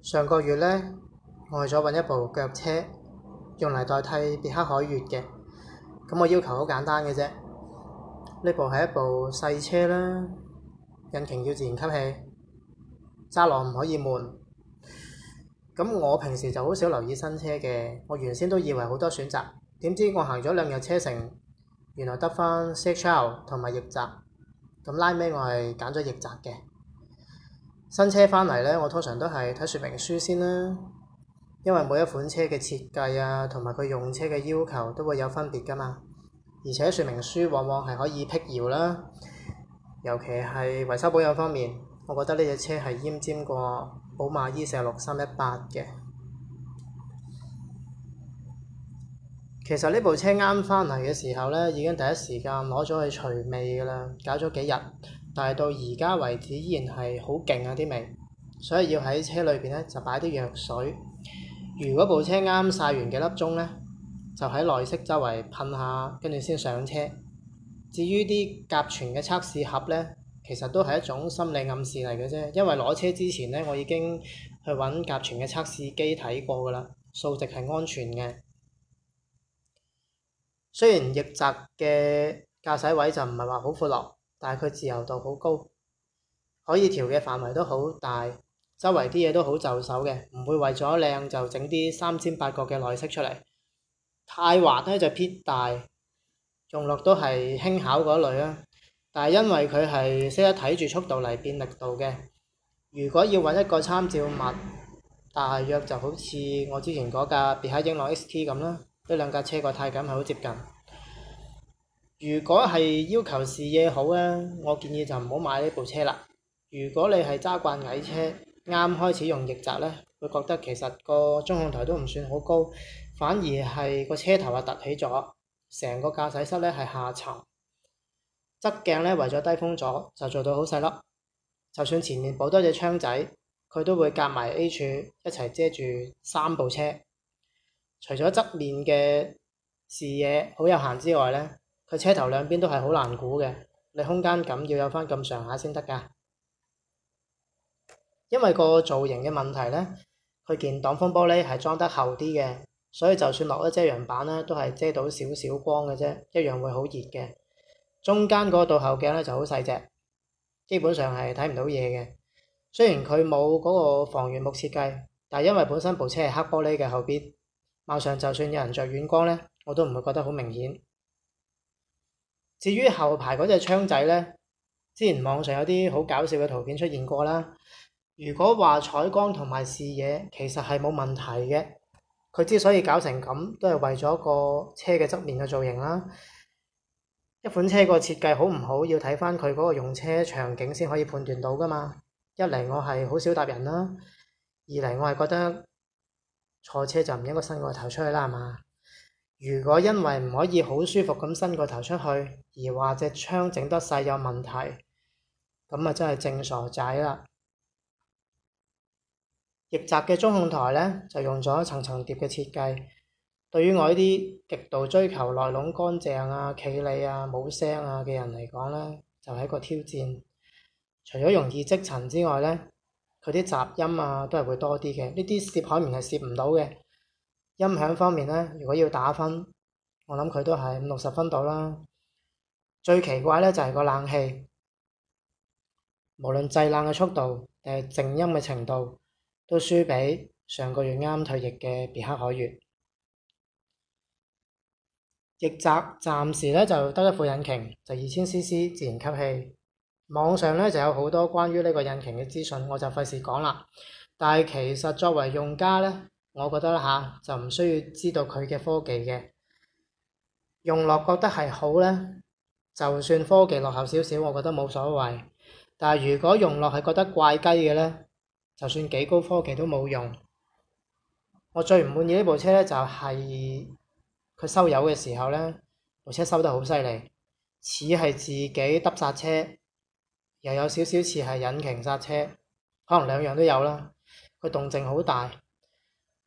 上個月呢，我去咗揾一部腳車用嚟代替別克凱越嘅。咁我要求好簡單嘅啫。呢部係一部細車啦，引擎要自然吸氣，揸浪唔可以悶。咁我平時就好少留意新車嘅。我原先都以為好多選擇，點知我行咗兩日車程，原來得返 C-HR 同埋奕澤。咁拉尾我係揀咗奕澤嘅。新車翻嚟呢，我通常都係睇說明書先啦，因為每一款車嘅設計啊，同埋佢用車嘅要求都會有分別㗎嘛。而且說明書往往係可以辟謠啦，尤其係維修保養方面，我覺得呢隻車係奄尖過寶馬 E 四六三一八嘅。其實呢部車啱翻嚟嘅時候呢，已經第一時間攞咗去除味㗎喇，搞咗幾日。但係到而家為止依然係好勁啊啲味，所以要喺車裏邊呢就擺啲藥水。如果部車啱曬完幾粒鐘呢，就喺內飾周圍噴下，跟住先上車。至於啲甲醛嘅測試盒呢，其實都係一種心理暗示嚟嘅啫。因為攞車之前呢，我已經去揾甲醛嘅測試機睇過㗎啦，數值係安全嘅。雖然奕澤嘅駕駛位就唔係話好闊落，但係佢自由度好高，可以調嘅範圍都好大，周圍啲嘢都好就手嘅，唔會為咗靚就整啲三千八角嘅內飾出嚟。太滑呢就偏大，用落都係輕巧嗰類啊。但係因為佢係識得睇住速度嚟變力度嘅，如果要揾一個參照物，大約就好似我之前嗰架別克英朗 ST 咁啦，呢兩架車個太感係好接近。如果係要求視野好咧，我建議就唔好買呢部車啦。如果你係揸慣矮車，啱開始用奕澤呢，會覺得其實個中控台都唔算好高，反而係個車頭啊凸起咗，成個駕駛室呢係下沉，側鏡呢為咗低風阻就做到好細粒。就算前面補多隻窗仔，佢都會夾埋 A 柱一齊遮住三部車。除咗側面嘅視野好有限之外呢。佢車頭兩邊都係好難估嘅，你空間感要有翻咁上下先得㗎。因為個造型嘅問題呢，佢件擋風玻璃係裝得厚啲嘅，所以就算落咗遮陽板呢，都係遮到少少光嘅啫，一樣會好熱嘅。中間嗰度後鏡呢就好細隻，基本上係睇唔到嘢嘅。雖然佢冇嗰個防眩目設計，但因為本身部車係黑玻璃嘅後邊，晚上就算有人着遠光呢，我都唔會覺得好明顯。至於後排嗰隻窗仔呢，之前網上有啲好搞笑嘅圖片出現過啦。如果話採光同埋視野，其實係冇問題嘅。佢之所以搞成咁，都係為咗個車嘅側面嘅造型啦。一款車個設計好唔好，要睇返佢嗰個用車場景先可以判斷到㗎嘛。一嚟我係好少搭人啦，二嚟我係覺得坐車就唔應該伸個頭出去啦，係嘛？如果因為唔可以好舒服咁伸個頭出去，而話隻窗整得細有問題，咁啊真係正傻仔啦！奕澤嘅中控台呢，就用咗層層疊嘅設計，對於我呢啲極度追求內籠乾淨啊、企理啊、冇聲啊嘅人嚟講呢，就係一個挑戰。除咗容易積塵之外呢，佢啲雜音啊都係會多啲嘅。呢啲攝海綿係攝唔到嘅。音響方面呢，如果要打分，我諗佢都係五六十分度啦。最奇怪呢，就係個冷氣，無論制冷嘅速度定係靜音嘅程度，都輸俾上個月啱啱退役嘅別克凱越。奕澤暫時呢，就得一副引擎，就二千 cc 自然吸氣。網上呢，就有好多關於呢個引擎嘅資訊，我就費事講啦。但係其實作為用家呢。我覺得啦、啊、就唔需要知道佢嘅科技嘅，用落覺得係好呢，就算科技落後少少，我覺得冇所謂。但係如果用落係覺得怪雞嘅呢，就算幾高科技都冇用。我最唔滿意呢部車呢，就係、係、佢收油嘅時候呢，部車收得好犀利，似係自己揼煞車，又有少少似係引擎煞車，可能兩樣都有啦。佢動靜好大。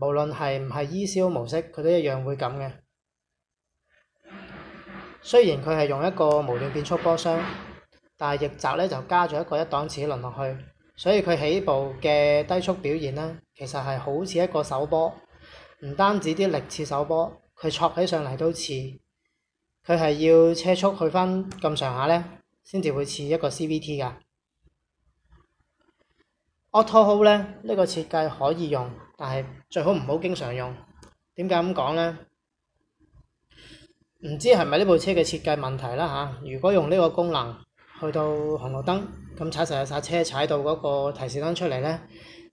無論係唔係 ECO 模式，佢都一樣會咁嘅。雖然佢係用一個無段變速波箱，但係奕澤呢就加咗一個一檔齒輪落去，所以佢起步嘅低速表現呢，其實係好似一個手波。唔單止啲力似手波，佢駁起上嚟都似。佢係要車速去翻咁上下呢，先至會似一個 C V T 㗎。Auto Hold 呢，呢個設計可以用。但係最好唔好經常用，點解咁講呢？唔知係咪呢部車嘅設計問題啦嚇、啊。如果用呢個功能去到紅綠燈，咁踩實嘅煞車踩到嗰個提示燈出嚟呢，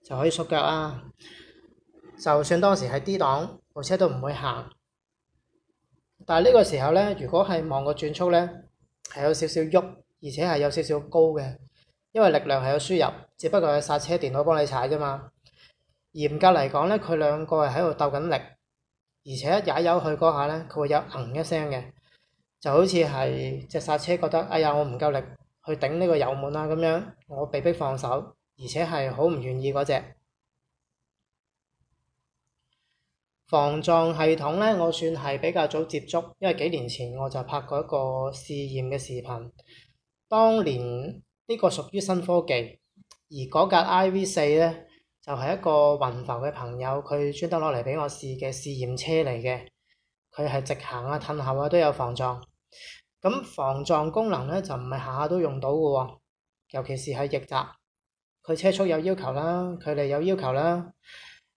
就可以縮腳啊。就算當時係 D 檔，部車都唔會行。但係呢個時候呢，如果係望個轉速呢，係有少少喐，而且係有少少高嘅，因為力量係有輸入，只不過係煞車電腦幫你踩啫嘛。嚴格嚟講呢，佢兩個係喺度鬥緊力，而且踩油去嗰下呢，佢會有嗯、呃、一聲嘅，就好似係隻煞車覺得哎呀我唔夠力去頂呢個油門啊咁樣，我被迫放手，而且係好唔願意。嗰隻防撞系統呢，我算係比較早接觸，因為幾年前我就拍過一個試驗嘅視頻，當年呢、這個屬於新科技，而嗰架 I V 四呢。就係一個雲浮嘅朋友，佢專登攞嚟俾我試嘅試驗車嚟嘅。佢係直行啊、褪後啊都有防撞。咁防撞功能呢，就唔係下下都用到嘅喎、哦，尤其是係奕澤。佢車速有要求啦，距離有要求啦。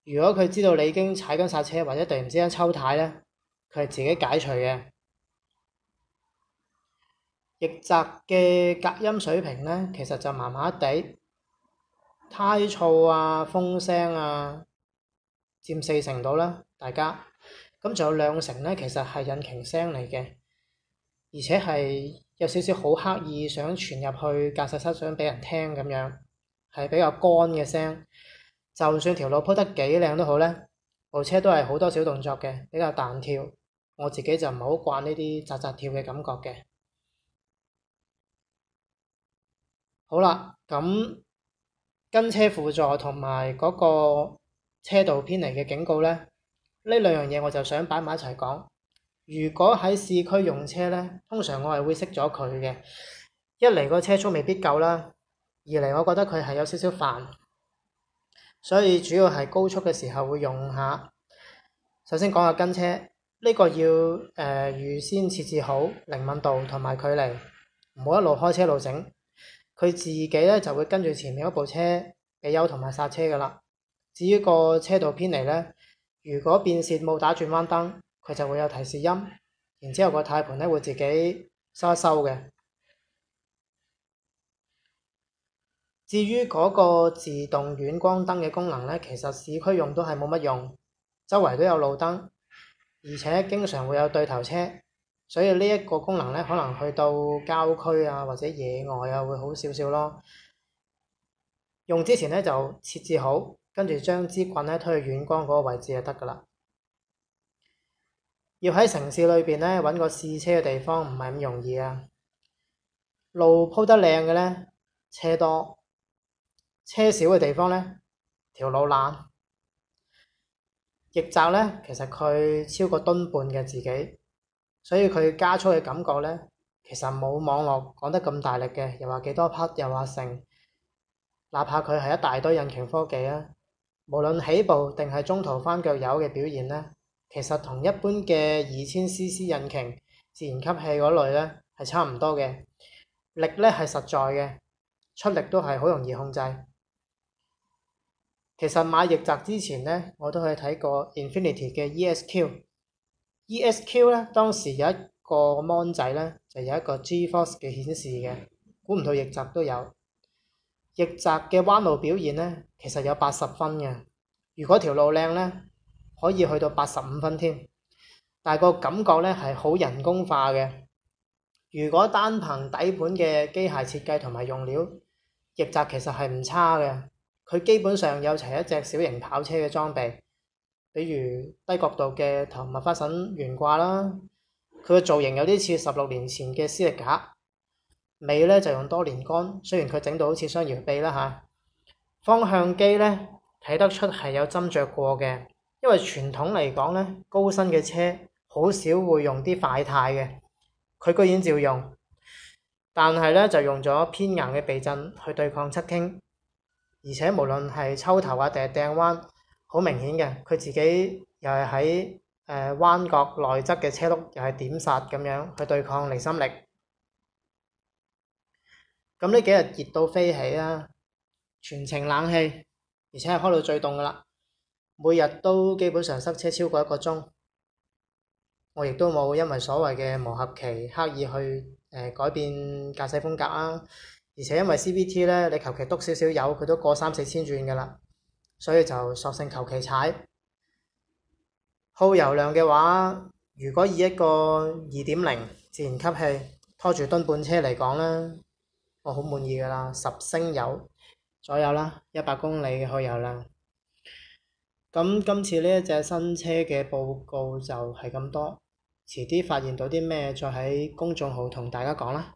如果佢知道你已經踩緊煞車，或者突然之間抽軚呢，佢係自己解除嘅。奕澤嘅隔音水平呢，其實就麻麻地。胎噪啊、風聲啊，佔四成度啦，大家。咁仲有兩成呢，其實係引擎聲嚟嘅，而且係有少少好刻意想傳入去駕駛室，想俾人聽咁樣，係比較乾嘅聲。就算條路鋪得幾靚都好呢，部車都係好多小動作嘅，比較彈跳。我自己就唔係好慣呢啲扎扎跳嘅感覺嘅。好啦，咁。跟車輔助同埋嗰個車道偏離嘅警告呢，呢兩樣嘢我就想擺埋一齊講。如果喺市區用車呢，通常我係會熄咗佢嘅。一嚟個車速未必夠啦，二嚟我覺得佢係有少少煩，所以主要係高速嘅時候會用下。首先講下跟車，呢個要誒、呃、預先設置好靈敏度同埋距離，唔好一路開車一路整。佢自己呢就會跟住前面嗰部車畀油同埋煞車噶啦。至於個車道偏離呢，如果變線冇打轉彎燈，佢就會有提示音，然之後個軚盤呢會自己收一收嘅。至於嗰個自動遠光燈嘅功能呢，其實市區用都係冇乜用，周圍都有路燈，而且經常會有對頭車。所以呢一個功能呢，可能去到郊區啊，或者野外啊，會好少少咯。用之前呢，就設置好，跟住將支棍呢推去遠光嗰個位置就得㗎啦。要喺城市裏邊呢，揾個試車嘅地方唔係咁容易啊。路鋪得靚嘅呢，車多；車少嘅地方呢，條路爛。奕澤呢，其實佢超過噸半嘅自己。所以佢加速嘅感覺呢，其實冇網絡講得咁大力嘅，又話幾多匹，又話成，哪怕佢係一大堆引擎科技啊，無論起步定係中途翻腳油嘅表現呢，其實同一般嘅二千 cc 引擎自然吸氣嗰類呢係差唔多嘅，力呢係實在嘅，出力都係好容易控制。其實買奕澤之前呢，我都去睇過 Infinity 嘅 ESQ。ESQ 呢，當時有一個 mon 仔呢，就有一個 G-Force 嘅顯示嘅，估唔到奕澤都有。奕澤嘅彎路表現呢，其實有八十分嘅，如果條路靚呢，可以去到八十五分添。但係個感覺呢，係好人工化嘅。如果單憑底盤嘅機械設計同埋用料，奕澤其實係唔差嘅。佢基本上有齊一隻小型跑車嘅裝備。比如低角度嘅頭麥花臣懸掛啦，佢嘅造型有啲似十六年前嘅斯力架，尾呢，就用多連杆，雖然佢整到好似雙搖臂啦嚇，方向機呢，睇得出係有斟酌過嘅，因為傳統嚟講呢，高身嘅車好少會用啲快態嘅，佢居然照用，但係呢，就用咗偏硬嘅避震去對抗側傾，而且無論係抽頭啊定係掟彎。好明顯嘅，佢自己又係喺誒彎角內側嘅車轆，又係點剎咁樣去對抗離心力。咁呢幾日熱到飛起啦，全程冷氣，而且係開到最凍噶啦。每日都基本上塞車超過一個鐘，我亦都冇因為所謂嘅磨合期刻意去誒改變駕駛風格啊。而且因為 CVT 呢，你求其督少少油，佢都過三四千轉噶啦。所以就索性求其踩。耗油量嘅話，如果以一個二點零自然吸氣拖住噸半車嚟講啦，我好滿意㗎啦，十升油左右啦，一百公里嘅耗油量。咁今次呢一隻新車嘅報告就係咁多，遲啲發現到啲咩，再喺公眾號同大家講啦。